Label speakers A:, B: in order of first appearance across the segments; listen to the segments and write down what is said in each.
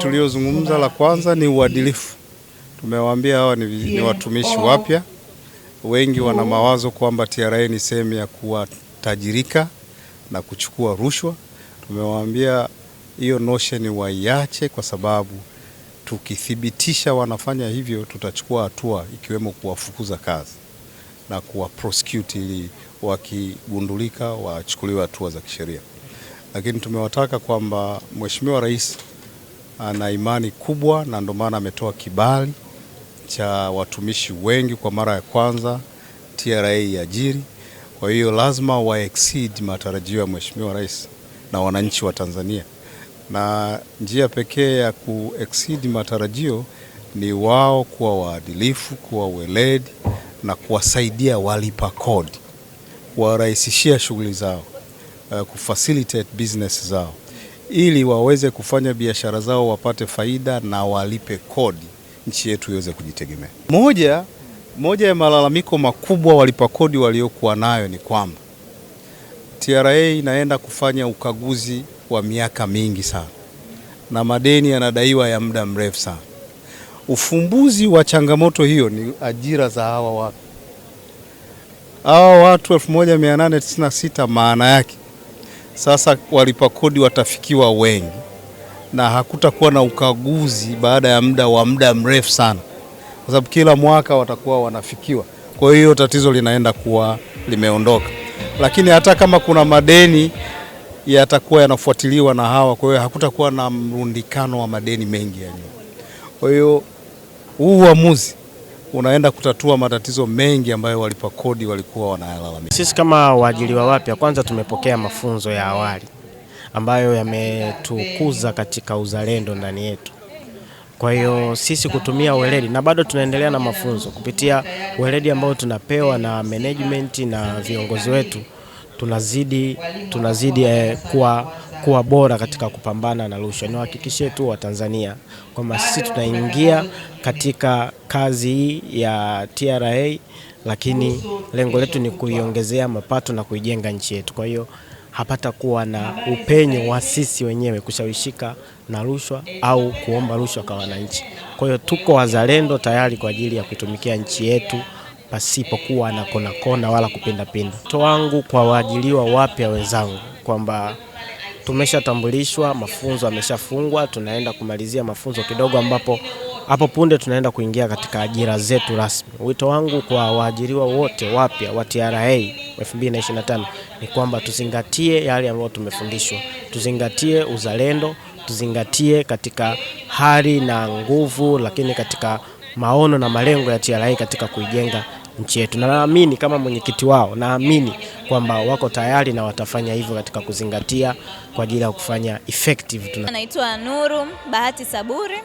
A: Tuliozungumza la kwanza ni uadilifu. Tumewaambia hawa ni, ni watumishi oh. wapya, wengi wana oh. mawazo kwamba TRA ni sehemu ya kuwatajirika na kuchukua rushwa. Tumewaambia hiyo notion waiache, kwa sababu tukithibitisha wanafanya hivyo, tutachukua hatua ikiwemo kuwafukuza kazi na prosecute ili wakigundulika wachukuliwe hatua za kisheria. Lakini tumewataka kwamba Mheshimiwa Rais ana imani kubwa, na ndio maana ametoa kibali cha watumishi wengi kwa mara ya kwanza TRA iajiri. Kwa hiyo lazima wa exceed matarajio ya Mheshimiwa Rais na wananchi wa Tanzania, na njia pekee ya ku exceed matarajio ni wao kuwa waadilifu, kuwa weledi na kuwasaidia walipa kodi, kuwarahisishia shughuli zao, eh, kufacilitate business zao ili waweze kufanya biashara zao wapate faida na walipe kodi, nchi yetu iweze kujitegemea. Moja moja ya malalamiko makubwa walipa kodi waliokuwa nayo ni kwamba TRA inaenda kufanya ukaguzi wa miaka mingi sana na madeni yanadaiwa ya muda mrefu sana. Ufumbuzi wa changamoto hiyo ni ajira za hawa watu. Hawa watu 1896 maana yake sasa walipa kodi watafikiwa wengi na hakutakuwa na ukaguzi baada ya muda wa muda mrefu sana, kwa sababu kila mwaka watakuwa wanafikiwa. Kwa hiyo tatizo linaenda kuwa limeondoka, lakini hata kama kuna madeni yatakuwa yanafuatiliwa na hawa, kwa hiyo hakutakuwa na mrundikano wa madeni mengi ya nyuma. Kwa hiyo huu uamuzi unaenda kutatua matatizo mengi ambayo walipa kodi walikuwa wanayalalamika.
B: Sisi kama waajiriwa wapya, kwanza tumepokea mafunzo ya awali ambayo yametukuza katika uzalendo ndani yetu. Kwa hiyo sisi kutumia weledi na bado tunaendelea na mafunzo kupitia weledi ambao tunapewa na management na viongozi wetu, tunazidi tunazidi eh, kuwa kuwa bora katika kupambana na rushwa. Niwahakikishie tu Watanzania kwamba sisi tunaingia katika kazi hii ya TRA, lakini lengo letu ni kuiongezea mapato na kuijenga nchi yetu. Kwa hiyo hapata kuwa na upenyo wa sisi wenyewe kushawishika na rushwa au kuomba rushwa kwa wananchi. Kwa hiyo tuko wazalendo tayari kwa ajili ya kuitumikia nchi yetu pasipokuwa na kona kona wala kupindapinda. pinda wangu kwa waajiliwa wapya wenzangu kwamba tumeshatambulishwa, mafunzo ameshafungwa, tunaenda kumalizia mafunzo kidogo, ambapo hapo punde tunaenda kuingia katika ajira zetu rasmi. Wito wangu kwa waajiriwa wote wapya wa TRA 2025 ni kwamba tuzingatie yale ambayo tumefundishwa, tuzingatie uzalendo, tuzingatie katika hali na nguvu, lakini katika maono na malengo ya TRA katika kuijenga nchi yetu, na naamini kama mwenyekiti wao, naamini kwamba wako tayari na watafanya hivyo katika kuzingatia kwa ajili ya kufanya effective.
C: Tuna... naitwa Nuru Bahati Saburi.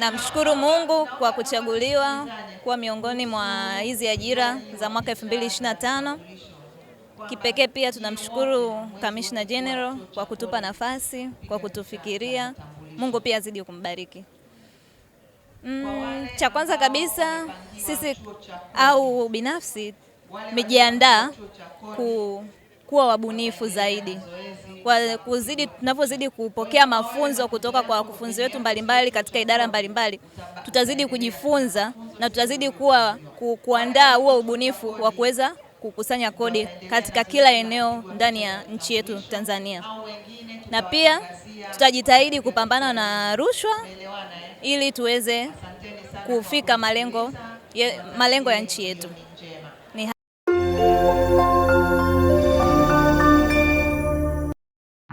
C: Namshukuru Mungu kwa kuchaguliwa kuwa miongoni mwa hizi ajira za mwaka 2025. Kipekee pia tunamshukuru Commissioner General kwa kutupa nafasi, kwa kutufikiria. Mungu pia azidi kumbariki. Mm. Cha kwanza kabisa sisi au binafsi tumejiandaa ku, kuwa wabunifu zaidi kwa kuzidi tunavyozidi kupokea mafunzo kutoka kwa wakufunzi wetu mbalimbali katika idara mbalimbali, tutazidi kujifunza na tutazidi kuwa ku, kuandaa huo ubunifu wa kuweza kukusanya kodi katika kila eneo ndani ya nchi yetu Tanzania, na pia tutajitahidi kupambana na rushwa ili tuweze kufika malengo, ya, malengo ya nchi yetu.